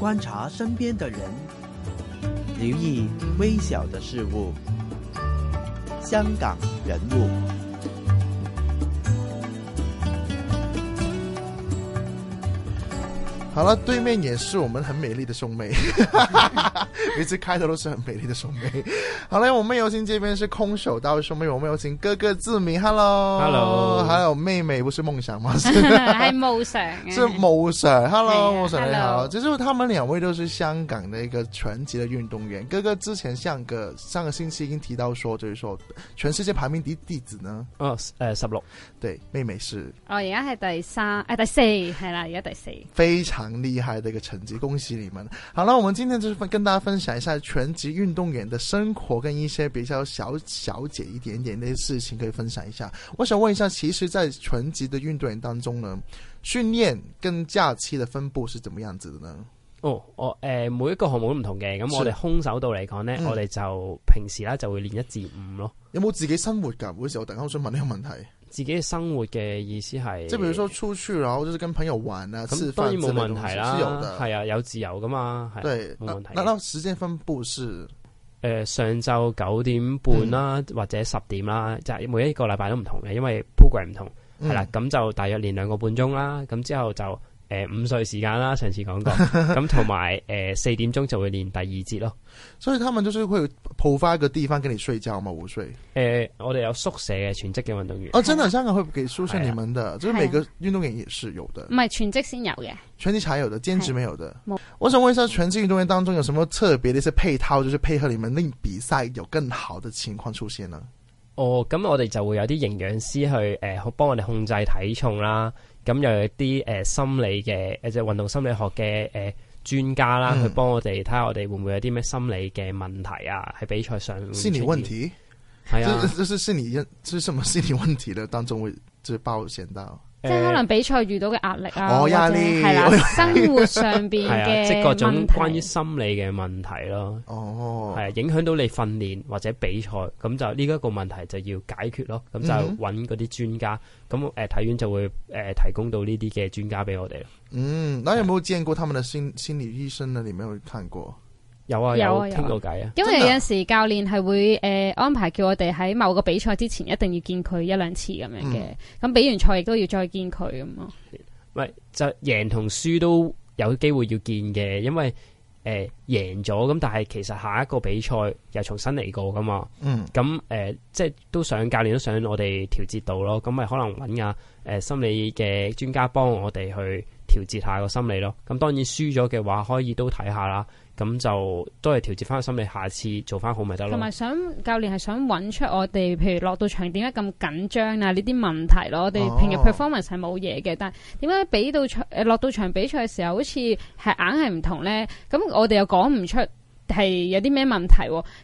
觀察身邊的人，留意微小的事物。香港人物。好了，對面也是我們很美麗的兄妹， 每次開頭都是很美麗的兄妹。好啦，我們有請這邊是空手道兄妹，我們有請哥哥志明，Hello，Hello，還有妹妹，不是夢想嗎？是， 是夢想的，係夢想，Hello， 夢想你好。 其實他們兩位都是香港的一個拳擊的運動員。哥哥之前像個上個星期已經提到說，就是說全世界排名第第幾呢？Oh, 呃，呃十六，對，妹妹，妹是，哦而家係第三，誒第四係啦，而家第四， 非常，厲害的一個成績，恭喜你們！好啦，我們今天就是跟大家分享一下全職運動員的生活，跟一些比較小、小姐一點點嘅事情可以分享一下。我想問一下，其實，在全職的運動員當中呢，訓練跟假期的分布是怎麼樣子的呢？哦，我、哦、誒、呃，每一個項目都唔同嘅。咁我哋空手道嚟講呢，是我哋就平時啦、嗯、就會練一至五咯。有冇自己生活噶？嗰時候我突然間好想問呢個問題。自己嘅生活嘅意思係，即係譬如說出去，然後就是跟朋友玩啊，咁、嗯、當然冇問題啦，係啊，有自由噶嘛，係對，冇問題。嗱時間分布是，誒、呃、上晝九點半啦，嗯、或者十點啦，即係每一個禮拜都唔同嘅，因為 program 唔同，係、嗯、啦，咁就大約練兩個半鐘啦，咁之後就。誒，午睡、呃、時間啦，上次講過，咁同埋誒四點鐘就會練第二節咯。 所以他們都是會鋪翻一個地方跟你睡覺嘛，午睡。誒、呃，我哋有宿舍嘅全職嘅運動員。哦，真嘅，香港會俾宿舍你們的，即係 每個運動員也是有的。唔係 全職先有嘅，全職才有的，兼職沒有的。 我想問一下，全職運動員當中有什麼特別的一些配套，就是配合你們令比賽有更好的情況出現呢？哦，咁我哋就會有啲營養師去誒，幫、呃、我哋控制體重啦。咁又有啲誒心理嘅即係運動心理學嘅誒專家啦，嗯、去幫我哋睇下我哋會唔會有啲咩心理嘅問題啊？喺比賽上心理問題，係啊，即係心理，即係什麼心理問題咧？當中會即係包顯到。即係可能比賽遇到嘅壓力啊，係啦，生活上邊嘅，即係各種關於心理嘅問題咯。哦，係啊，影響到你訓練或者比賽，咁就呢一個問題就要解決咯。咁就揾嗰啲專家，咁誒、嗯、哼體院就會誒、呃、提供到呢啲嘅專家俾我哋。嗯，你有冇見過他們嘅心心理醫生？你有冇去看過？有啊，有傾過偈啊，。 因為有陣時 教練係會誒安排叫我哋喺某個比賽之前一定要見佢一兩次咁樣嘅。咁比完賽亦都要再見佢咁啊。唔、嗯、就贏同輸都有機會要見嘅，因為誒贏咗咁，但係其實下一個比賽又重新嚟過噶嘛。嗯。咁誒、嗯、即、呃、係、就是、都想教練都想我哋調節到咯。咁咪可能揾啊誒心理嘅專家幫我哋去。調節下個心理咯，咁當然輸咗嘅話，可以都睇下啦，咁就都係調節翻個心理，下次做翻好咪得咯。同埋想教練係想揾出我哋，譬如落到場點解咁緊張啊？呢啲問題咯，我哋平日 performance 係冇嘢嘅，但係點解比到場誒落到場比賽嘅時候好，好似係硬係唔同咧？咁我哋又講唔出係有啲咩問題，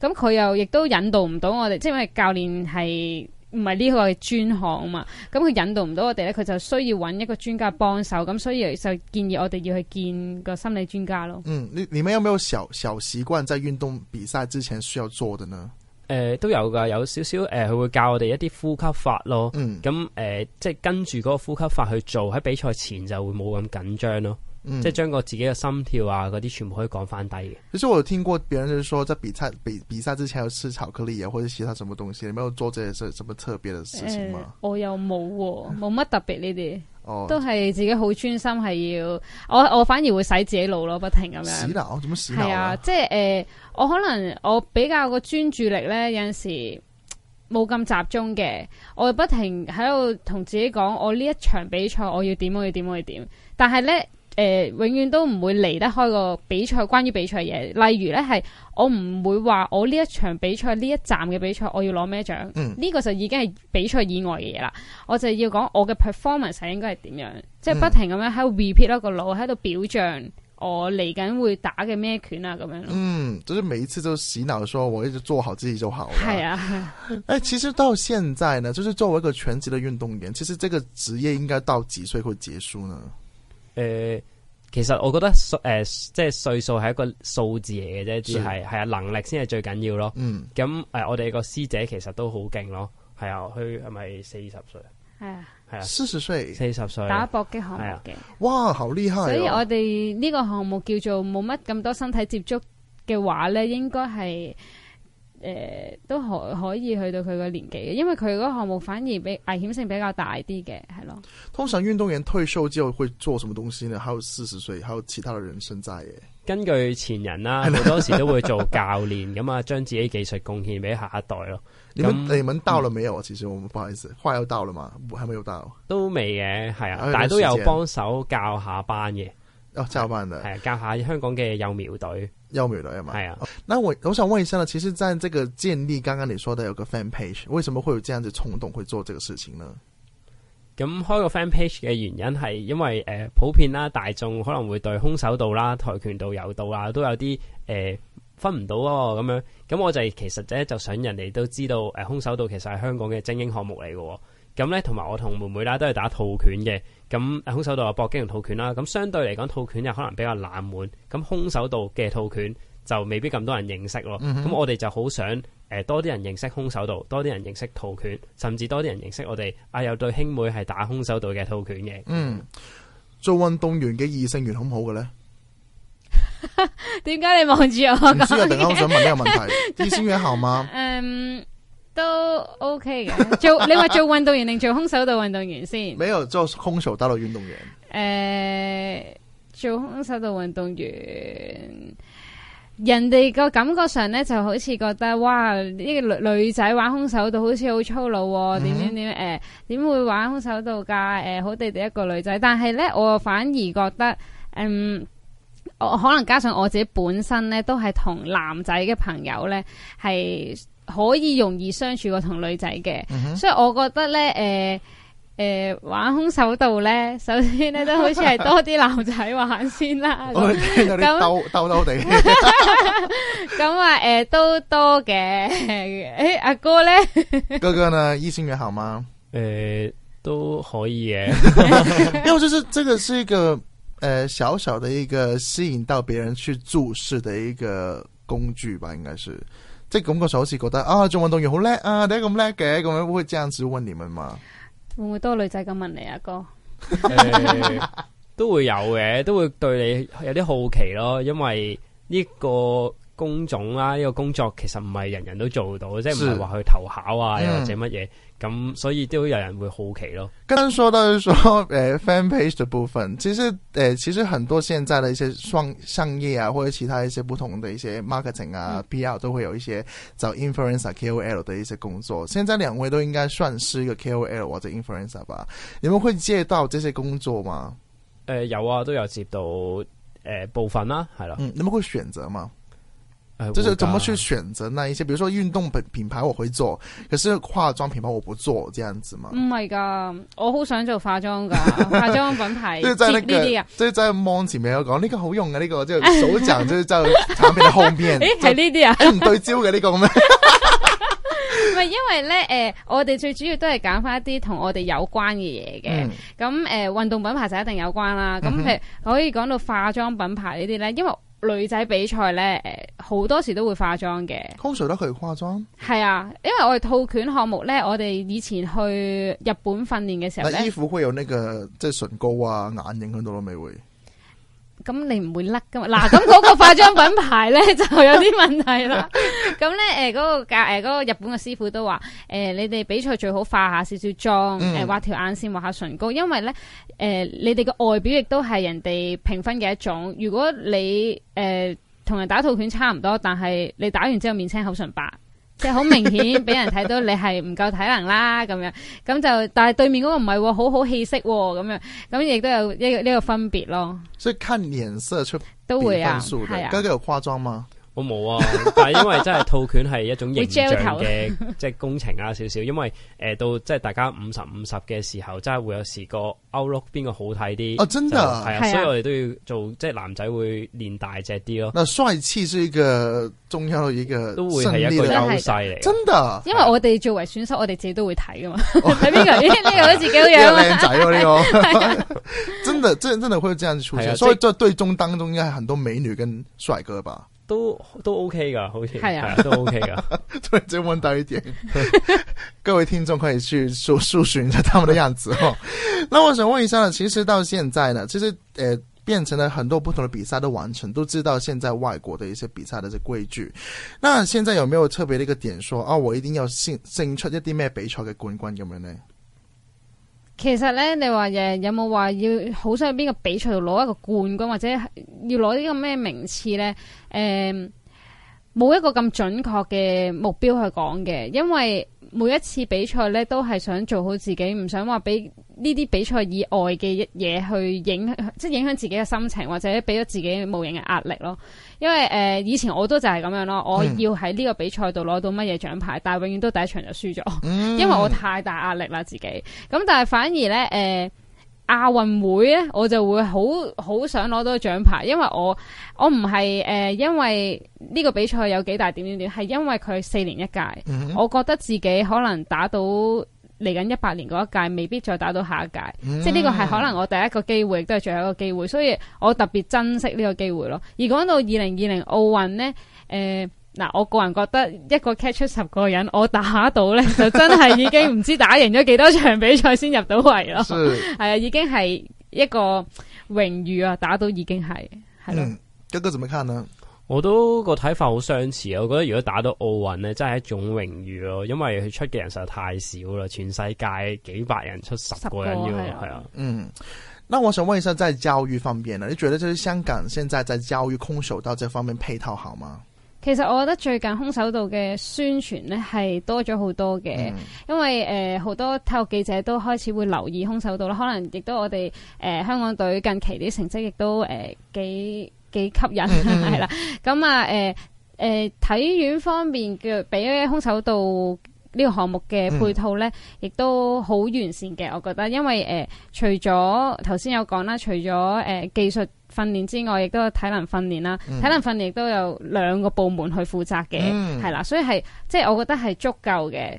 咁佢又亦都引導唔到我哋，即係因為教練係。唔係呢個係專項嘛，咁佢引導唔到我哋咧，佢就需要揾一個專家幫手，咁所以就建議我哋要去見個心理專家咯。嗯，你你有冇有小小習慣在運動比賽之前需要做嘅呢？誒、呃，都有噶，有少少誒，佢、呃、會教我哋一啲呼吸法咯。嗯，咁誒、嗯呃，即係跟住嗰個呼吸法去做，喺比賽前就會冇咁緊張咯。嗯、即係將個自己嘅心跳啊，嗰啲全部可以降翻低嘅。其實我有聽過別人就係說賽，即比賽比比賽之前有吃巧克力啊，或者其他什麼東西，你有冇做啲什什麼特別嘅事情嘛、呃？我又冇冇乜特別呢啲， 哦、都係自己好專心，係要我我反而會洗自己腦咯，不停咁樣洗腦，做乜洗腦啊，啊？即係誒、呃，我可能我比較個專注力咧，有陣時冇咁集中嘅，我不停喺度同自己講，我呢一場比賽我要點我要點我要點，但係咧。誒、呃，永遠都唔會離得開個比賽，關於比賽嘢。例如咧，係我唔會話我呢一場比賽呢一站嘅比賽，我要攞咩獎？呢、嗯、個就已經係比賽以外嘅嘢啦。我就要講我嘅 performance 係應該係點樣，即係不停咁樣喺度 repeat 咯個腦，喺度、嗯、表象我嚟緊會打嘅咩拳啊咁樣。嗯，就是每一次都洗腦，說我一直做好自己就好。係啊，誒、欸，其實到現在呢，就是作為一個全職嘅運動員，其實這個職業應該到幾歲會結束呢？誒、呃，其實我覺得歲誒、呃，即係歲數係一個數字嚟嘅啫，只係係啊能力先係最緊要咯。嗯，咁誒，我哋個師姐其實都好勁咯，係啊，佢係咪四十歲啊？係歲啊，係啊，四十歲，四十歲打搏擊項目嘅，哇，好厲害、哦！所以我哋呢個項目叫做冇乜咁多身體接觸嘅話咧，應該係。誒、呃，都可可以去到佢個年紀嘅，因為佢嗰個項目反而比危險性比較大啲嘅，係咯。通常運動員退休之後會做什麼東西呢？還有四十歲，還有其他嘅人生在嘅。根據前人啦、啊，好多時都會做教練咁啊，將 自己技術貢獻俾下一代咯。你們那你們到了沒有啊？嗯、其實我唔，不好意思，快又到了嘛，係咪又到？都未嘅，係啊，但係都有幫手教下班嘅。哦，班啊、教班係教下香港嘅幼苗隊，幼苗隊係嘛？係啊、哦，那我我想問一下啦，其實在這個建立，剛剛你說的有個 fan page，為什麼會有這樣子衝動去做這個事情呢？咁、嗯、開個 fan page 嘅原因係因為誒、呃，普遍啦，大眾可能會對空手道啦、跆拳道，道、柔道啊都有啲誒、呃、分唔到咁樣，咁、嗯、我就其實咧、呃、就想人哋都知道，誒、呃，空手道其實係香港嘅精英項目嚟嘅、哦。咁咧，同埋我同妹妹啦，都係打套拳嘅。咁空手道搏擊同套拳啦，咁相對嚟講，套拳又可能比較冷門。咁空手道嘅套拳就未必咁多人認識咯。咁、嗯、哼我哋就好想誒多啲人認識空手道，多啲人認識套拳，甚至多啲人認識我哋啊，有對兄妹係打空手道嘅套拳嘅。嗯，做運動員嘅異性緣好唔好嘅咧？點解 你望住我講嘅？突然間我想問呢個問題，異性緣好嗎？嗯。都 OK 嘅，做，你話做運動員定 做空手道運動員先？沒有做空手道嘅運動員。誒、呃，做空手道運動員，人哋個感覺上咧就好似覺得，哇，呢個女女仔玩空手道好似好粗魯，點點點誒，點、呃、會玩空手道噶？誒、呃，好地地一個女仔，但係咧，我反而覺得，嗯、呃，我可能加上我自己本身咧，都係同男仔嘅朋友咧係。可以容易相處過同女仔嘅，嗯、哼所以我覺得咧，誒、呃、誒、呃、玩空手道咧，首先咧都好似係多啲男仔玩先啦。我哋鬥鬥地，咁啊誒、呃、都多嘅。誒 阿、哎啊、哥咧， 哥哥呢？異性緣好嗎？誒、欸、都可以嘅。 因為就是這個是一個誒、呃、小，小，小小的一個吸引到別人去注視的一個工具吧，應該是。即係感覺上好似覺得啊，做運動員好叻啊，點解咁叻嘅？咁樣會爭少温念啊嘛，會唔會多女仔咁問你啊哥 、欸、都會有嘅，都會對你有啲好奇咯因為呢、這個。工種啦，呢個工作其實唔係人人都做到，即係唔係話去投考啊，又是或者乜嘢咁，所以都有人會好奇咯。剛剛說到說，誒、呃、，fan page 的部分，其實誒、呃，其實很多現在的一些商商業啊，或者其他一些不同的一些 marketing 啊、嗯、，PR 都會有一些找 influencer、啊、K O L 的一些工作。現在兩位都應該算是一個 K O L、啊、或者 influencer、啊、吧？你們會接到這些工作嗎？誒、呃，有啊，都有接到誒、呃、部分啦、啊，係啦。嗯，你們會選擇嘛？哎、就是怎麼去選擇那一些，比如說運動品牌我會做，可是化妝品牌我不做這樣子嘛？唔係噶，我好想做化妝噶， 化妝品牌即係呢啲啊！即係即望前面有講呢個好用嘅、啊、呢、這個，即係掃一盞，即係 就產品嘅旁邊。誒，係呢啲啊？唔對焦嘅呢、這個咩？唔 係 因為咧，誒、呃，我哋最主要都係揀翻一啲同我哋有關嘅嘢嘅。咁誒、嗯，運、呃、動品牌就一定有關啦。咁譬如可以講到化妝品牌呢啲咧，因為。女仔比賽咧，好多時都會化妝嘅。coser 都佢化妝。係啊，因為我哋套拳項目咧，我哋以前去日本訓練嘅時候咧，衣服會有呢個即係唇膏啊、眼影響度咯，咪會。咁你唔會甩噶嘛？嗱，咁嗰個化妝品牌咧 就有啲問題啦。咁咧，誒、呃，嗰、嗰個教，誒、呃，嗰個日本嘅師傅都話，誒、呃，你哋比賽最好化下少少妝，誒、呃，畫條眼線，畫下唇膏，因為咧，誒、呃，你哋嘅外表亦都係人哋評分嘅一種。如果你，誒、呃，同人打套拳差唔多，但係你打完之後面青口唇白。 即係好明顯俾人睇到你係唔夠體能啦咁樣，咁就但係對面嗰個唔係喎，好好氣息喎、哦、咁樣，咁亦都有呢個呢個分別咯。所以看臉色出都會啊，係啊，哥哥有化妝嗎？我冇啊，但係因為真係套拳係一種形象嘅即係工程啊，少少。因為誒到即係大家五十五十嘅時候，真係會有時個 Outlook 邊個好睇啲啊！真㗎係啊，所以我哋都要做即係男仔會練大隻啲咯。那帥氣是一個重要嘅，一個都會係一個優勢嚟，真噶。因為我哋作為選手，我哋自己都會睇噶嘛，睇邊個呢個自己好靚仔喎呢個，真的真真的會這樣出現。所以在對中當中，應該很多美女跟帥哥吧。都都 OK 噶，好似係啊，啊，都 OK 噶。突然間問到一點，各位聽眾可以去搜搜尋一下他們的樣子。哦，那我想問一下咧，其實到現在呢，其實誒、呃、變成了很多不同的比賽都完成，都知道現在外國的一些比賽的規矩。那現在有沒有特別的一個點說，說啊，我一定要勝勝出一啲咩比賽嘅冠軍咁樣呢？其實咧，你話誒有冇話要好想去邊個比賽度攞一個冠軍，或者要攞啲咁咩名次呢？誒、嗯，冇一個咁準確嘅目標去講嘅，因為，每一次比賽咧，都係想做好自己，唔想話俾呢啲比賽以外嘅嘢去影響，即係影響自己嘅心情，或者俾咗自己無形嘅壓力咯。因為誒、呃，以前我都就係咁樣咯，我要喺呢個比賽度攞到乜嘢獎牌，嗯、但係永遠都第一場就輸咗，嗯、因為我太大壓力啦自己。咁但係反而咧誒。呃亞運會咧，我就會好好想攞到個獎牌因為我我唔係誒，因為呢個比賽有幾大點點點，係因為佢四年一屆，嗯、哼我覺得自己可能打到嚟緊一八年嗰一屆，未必再打到下一屆，嗯、哼即係呢個係可能我第一個機會，亦都係最後一個機會，所以我特別珍惜呢個機會咯。而講到二零二零奧運呢，誒、呃。嗱，我個人覺得一個 catch 出十個人，我打到咧，就真係已經唔知打贏咗幾多場比賽先入到圍咯。係啊 是、嗯，已經係一個榮譽啊，打到已經係。嗯，哥、這、哥、個、怎麼看呢？我都個睇法，好相似啊！我覺得如果打到奧運咧，真係一種榮譽咯，因為佢出嘅人實在太少啦，全世界幾百人出十個人嘅，係啊。的嗯，那我想問一下，在教育方面呢？你覺得，就是香港現在在教育空手道這方面配套好嗎？其實我覺得最近空手道嘅宣傳咧係多咗好多嘅，嗯、因為誒好、呃、多體育記者都開始會留意空手道啦。可能亦都我哋誒、呃、香港隊近期啲成績亦都誒、呃、幾幾吸引係、嗯嗯、 啦。咁啊誒誒體院方面嘅俾空手道呢個項目嘅配套咧，亦、嗯、都好完善嘅。我覺得因為誒除咗頭先有講啦，除咗誒、呃、技術訓練之外，亦都有體能訓練啦。嗯、體能訓練亦都有兩個部門去負責嘅，係啦、嗯。所以係，即係我覺得係足夠嘅。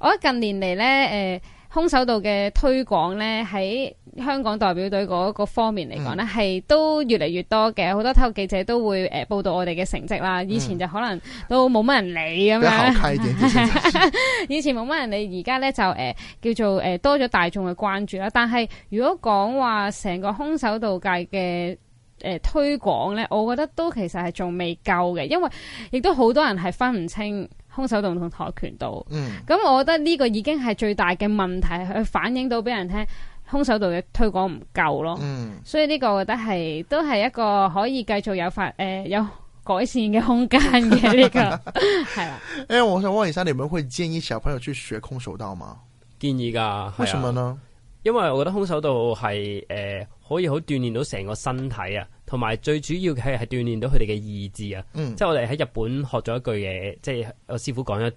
我覺得近年嚟咧，誒、呃。空手道嘅推廣咧，喺香港代表隊嗰個方面嚟講咧，係都越嚟越多嘅。好多體育記者都會誒，報道我哋嘅成績啦。以前就可能都冇乜人理咁樣，以前冇乜人理。而家咧就誒，叫做誒多咗大眾嘅關注啦。但係如果講話成個空手道界嘅誒推廣咧，我覺得都其實係仲未夠嘅，因為亦都好多人係分唔清。空手道同跆拳道，咁、嗯、我覺得呢個已經係最大嘅問題，去反映到俾人聽空手道嘅推廣唔夠咯。嗯、所以呢個我覺得係都係一個可以繼續有發誒、呃、有改善嘅空間嘅呢個係啦。誒， 我想問一下，你們會建議小朋友去學空手道嗎？建議噶，啊、為什麼呢？因為我覺得空手道係誒、呃、可以好鍛鍊到成個身體啊。同埋最主要嘅係係鍛鍊到佢哋嘅意志啊，嗯、即係我哋喺日本學咗一句嘢，即、就、係、是、我師傅講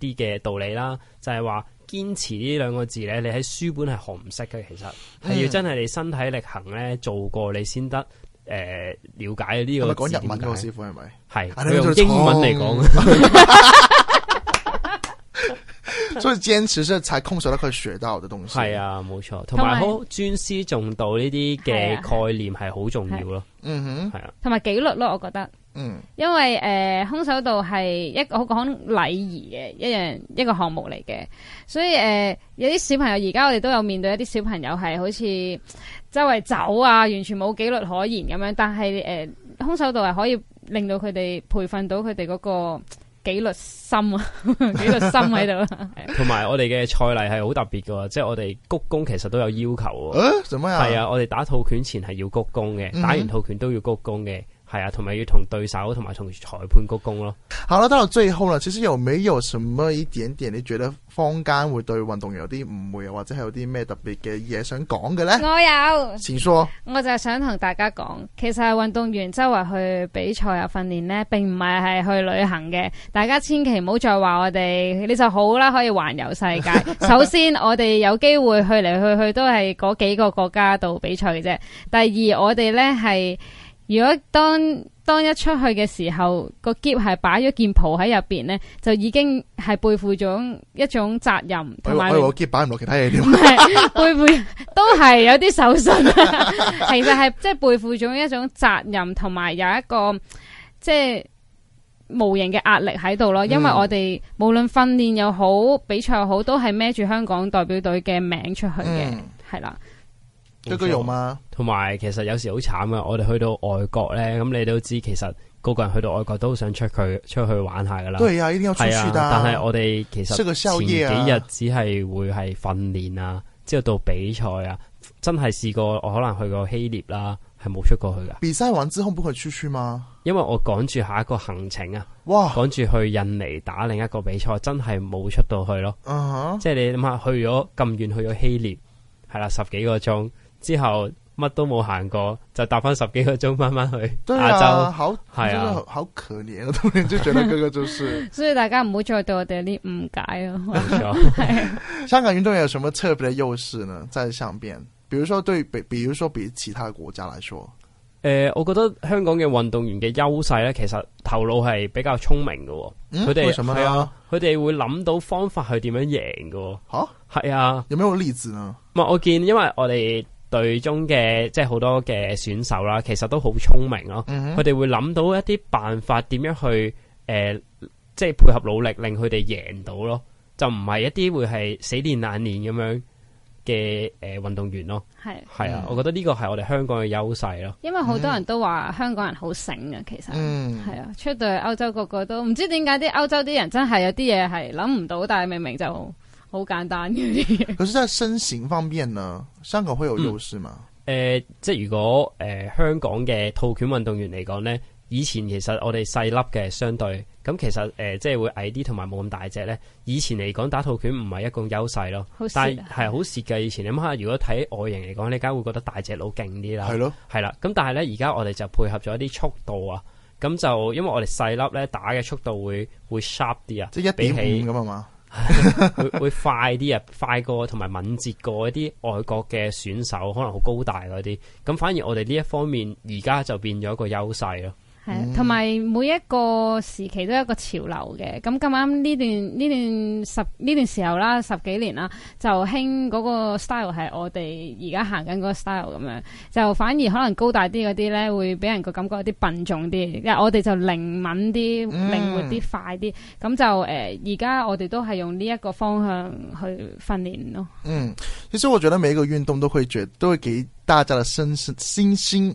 一啲嘅道理啦，就係、是、話堅持呢兩個字咧，你喺書本係學唔識嘅，其實係要真係你身體力行咧做過你先得誒、呃、了解呢個。講日文嘅、啊、師傅係咪？係，佢是用英文嚟講。 所以堅持先，才空手道可以學到的東西。係啊，冇錯。同埋好尊師重道呢啲嘅概念係好重要咯。嗯哼，係啊。同埋紀律咯、啊，我覺得。嗯。因為誒、呃，空手道係一個好講禮儀嘅一樣一個項目嚟嘅，所以誒、呃，有啲小朋友而家我哋都有面對一啲小朋友係好似周圍走啊，完全冇紀律可言咁樣。但係誒、呃，空手道係可以令到佢哋培訓到佢哋嗰個。紀律心啊，紀 律心喺度。啊。同埋我哋嘅賽例係好特別噶，即係我哋鞠躬其實都有要求。做咩啊？係啊，啊，我哋打套拳前係要鞠躬嘅，嗯、哼打完套拳都要鞠躬嘅。係啊，同埋要同對手，同埋同裁判鞠躬咯。好啦，到到最後啦，其實有冇有什麼一點點你覺得坊間會對運動員有啲誤會，或者係有啲咩特別嘅嘢想講嘅呢？我有。請說。我就係想同大家講，其實運動員周圍去比賽啊、訓練呢，並唔係係去旅行嘅。大家千祈唔好再話我哋，你就好啦，可以環遊世界。 首先，我哋有機會去嚟去去都係嗰幾個國家度比賽嘅啫。第二，我哋呢係。如果當當一出去嘅時候，個篋係擺咗件袍喺入邊咧，就已經係背負咗一種責任，同埋我我篋擺唔落其他嘢。背負 都係有啲手信、啊，其實係即係背負咗一種責任，同埋有一個即係、就是、無形嘅壓力喺度咯。因為我哋、嗯、無論訓練又好，比賽又好，都係孭住香港代表隊嘅名出去嘅，係啦、嗯。一個用嘛，同埋其實有時好慘噶。我哋去到外國咧，咁、嗯、你都知，其實嗰個人去到外國都想出去出去玩下噶啦。對啊，一定要出去的。係啊，但係我哋其實前幾日只係會係訓練啊，之後到比賽啊，真係試過我可能去過希臘啦，係冇出過去噶。比賽完之後不可以出去嗎？因為我趕住下一個行程啊，哇！趕住去印尼打另一個比賽，真係冇出到去咯。Uh huh. 即係你諗下，去咗咁遠，去咗希臘，係啦十幾個鐘。之後乜都冇行過，就搭翻十幾個鐘翻翻去亞洲好，係啊，好可憐啊！突然就覺得哥哥就是， 所以大家唔好再對我哋有啲誤解咯。冇錯、 啊、香港運動員有什麼特別嘅優勢呢？在上邊，比如說對比，比如說比其他國家來說，誒、呃，我覺得香港嘅運動員嘅優勢咧，其實頭腦係比較聰明嘅，佢哋係啊，佢哋、啊、會諗到方法去點樣贏嘅。啊，係 啊，有咩好例子呢？唔係，我見因為我哋。隊中嘅即係好多嘅選手啦，其實都好聰明咯，佢哋、mm hmm. 會諗到一啲辦法，點樣去誒、呃，即係配合努力，令佢哋贏到咯，就唔係一啲會係死練爛練咁樣嘅誒運動員咯。係係、mm hmm. 啊，我覺得呢個係我哋香港嘅優勢咯。因為好多人都話香港人好醒啊，其實係、mm hmm. 啊，出到去歐洲個個都唔知點解啲歐洲啲人真係有啲嘢係諗唔到，但係明明就好。好簡單嘅嘢，可是，在身形方面呢，嗯呃呃、香港會有優勢嘛？誒，即係如果誒香港嘅跆拳運動員嚟講咧以前其實我哋細粒嘅相對，咁其實誒、呃、即係會矮啲，同埋冇咁大隻咧。以前嚟講，打跆拳唔係一個優勢咯，啊、但係係好蝕嘅。以前你諗下，如果睇外形嚟講，你梗係會覺得大隻佬勁啲啦，係咯的，係啦。咁但係咧，而家我哋就配合咗一啲速度啊，咁就因為我哋細粒咧打嘅速度會會 sharp 啲啊，即係一比起。咁啊嘛。 會,會快啲啊，快過同埋敏捷過一啲外國嘅選手，可能好高大嗰啲，咁反而我哋呢一方面而家就變咗一個優勢咯。係同埋每一個時期都有一個潮流嘅，咁咁啱呢段呢段十呢段時候啦，十幾年啦，就興嗰個 style 係我哋而家行緊嗰個 style 咁樣，就反而可能高大啲嗰啲咧，會俾人個感覺有啲笨重啲，因為我哋就靈敏啲、靈、嗯、活啲、快啲，咁就誒而家我哋都係用呢一個方向去訓練咯。嗯，其實我覺得每一個運動都會覺都會給大家的身心心。